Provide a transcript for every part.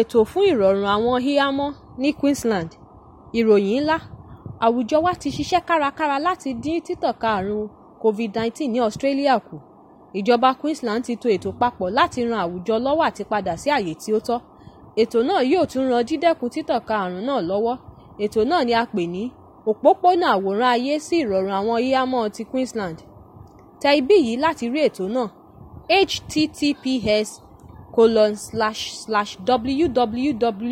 ètò fún ìrọ̀rùn àwọn híhámọ́ ní Queensland ìròyìn ńlá àwùjọ wa ti ṣiṣẹ́ kárakára láti dín títànká àrùn COVID-19 ní Australia kù ìjọba Queensland ti tò ètò papọ̀ láti ran àwùjọ lọ́wọ́ àti padà sí àyè tí ó tọ́ ètò náà yóò tún ran dídẹ́kun títànká àrùn náà lọ́wọ́ ètò náà ni a pè ní òpópónà àwòrán ayé sí ìrọ̀rùn àwọn híhámọ́ ti Queensland tẹ ibí yìí láti rí ètò náà https colon slash slash www.qld.gov.au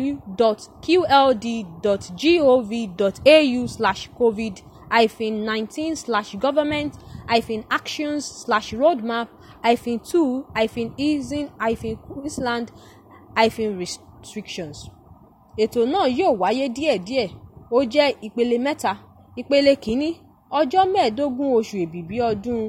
slash covid hyphen nineteen slash government hyphen actions slash roadmap hyphen two hyphen easing hyphen queensland hyphen restrictions. ètò náà yóò wáyé díẹ̀díẹ̀ ó jẹ́ ìpele mẹ́ta ìpele kìíní ọjọ́ mẹ́ẹ̀ẹ́dógún oṣù èbìbí ọdún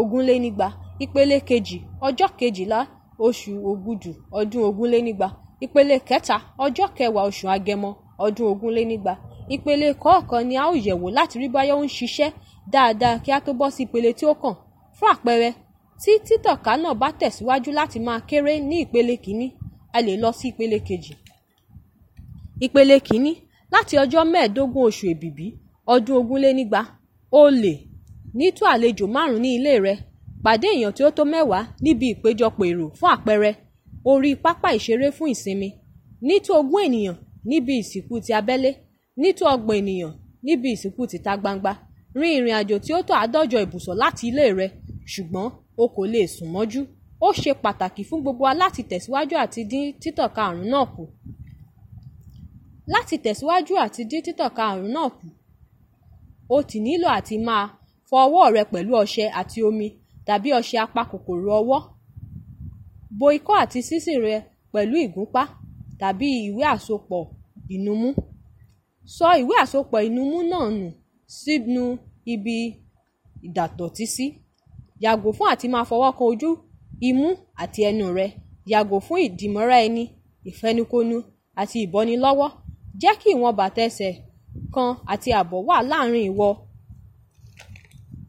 ogúnlénígba ìpele kejì ọjọ́ kejìlá oṣù ògùdù ọdún ogúnlénígba ìpele kẹta ọjọ́ kẹwàá oṣù agẹmọ ọdún ogúnlénígba ìpele kọ̀ọ̀kan ni a ó yẹ̀wò láti rí bóyá ó ń ṣiṣẹ́ dáadáa kí a tó bọ́ sí ìpele tí ó kàn fún àpẹẹrẹ tí títọ̀ká náà bá tẹ̀síwájú láti máa kéré ní ìpele kìíní a lè lọ sí ìpele kejì ìpele kìíní láti ọjọ́ mẹ́ẹ̀ẹ́dógún oṣù èbìbí ọdún ogúnlénígba o lè ní tó àlejò márùn ní ilé rẹ pàdé èèyàn tí ó tó mẹ́wàá níbi ìpéjọpọ̀ èrò fún àpẹẹrẹ orí pápá ìṣeré fún ìsinmi ní tó ogún ènìyàn níbi ìsìnkú ti abẹ́lé ní tó ọgbọ̀n ènìyàn níbi ìsìnkú títa gbangba rin ìrìn àjò tí ó tó àádọ́jọ ìbùsọ̀ láti ilé rẹ ṣùgbọ́n o kò lè sùn mọ́jú ó ṣe pàtàkì fún gbogbo wa láti tẹ̀síwájú àti dín títọ̀ka àrùn náà kù láti tẹ̀síwájú àti dín títọ̀ka àrùn náà kù o ti nílò àti máa fọ ọwọ́ rẹ pẹ̀lú ọṣẹ àti omi tàbí ọṣẹ apakòkòrò ọwọ́. Bo ikọ́ àti sísìn rẹ pẹ̀lú ìgúnpá tàbí ìwé àsopọ̀ ìnumú. Sọ ìwé àsopọ̀ ìnumú náà nù sínú ibi ìdàtọ̀tí sí. Yàgò fún àti máa fọwọ́ kan ojú, imú àti ẹnu rẹ. Yàgò fún ìdìmọ́ra ẹni, ìfẹnukonu àti ìbọnilọ́wọ́. Jẹ́ kí ìwọ̀n bàtà ẹsẹ̀ kan àti ààbọ̀ wà láàrin ìwọ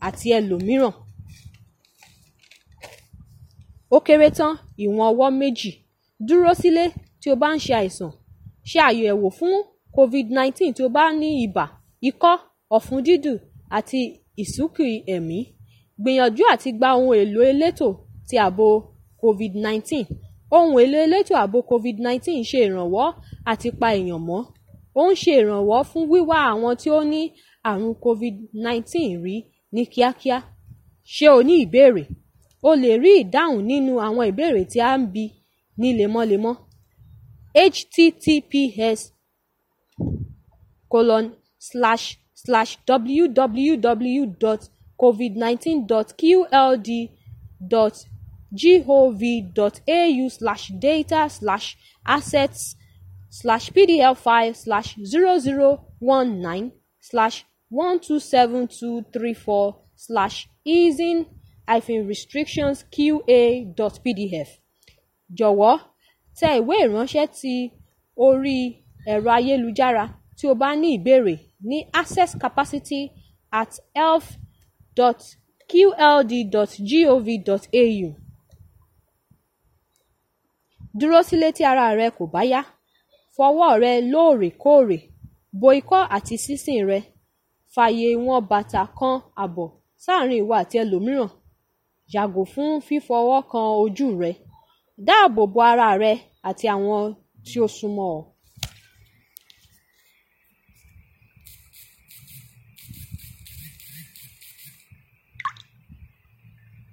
àti ẹlòmíràn ó kéré tán ìwọ̀n ọwọ́ méjì dúró sílé tí o bá ń ṣe àìsàn ṣe àyẹ̀wò fún covid-19 tí o bá ní ibà ikọ́ ọ̀fun dídùn àti ìsúnkì ẹ̀mí gbìyànjú àti gba ohun èlò elétò ti ààbò covid-19 ohun èlò elétò ààbò covid-19 ṣe ìrànwọ́ àti pa èèyàn mọ́ ó ń ṣe ìrànwọ́ fún wíwá àwọn tí ó ní àrùn covid-19 rí ní kíákíá ṣé o ní ìbéèrè? o lè rí ìdáhùn nínú àwọn ìbéèrè tí a ń bi ní lemọ́lemọ́ https colon slash slash www dot covid nineteen dot qld dot gov dot au slash data slash assets slash pdf file slash zero zero one nine slash one two seven two three four slash easing hyphen restrictions qa dot pdf jọ̀wọ́ tẹ ìwé ìránṣẹ́ tí orí ẹ̀rọ ayélujára tí o bá ní ìbéèrè ní access capacity at elf dot qld dot gov dot au dúró sílé tí ara rẹ kò bá yá fọwọ́ rẹ lóòrèkóòrè bo ikọ́ àti sísìn rẹ fààyè ìwọ̀n bàtà kan ààbọ̀ sáàárín ìwọ àti ẹlòmíràn yàgò fún fífọwọ́ kan ojú rẹ dáàbò bo ara rẹ àti àwọn tí ó súnmọ́ ọ.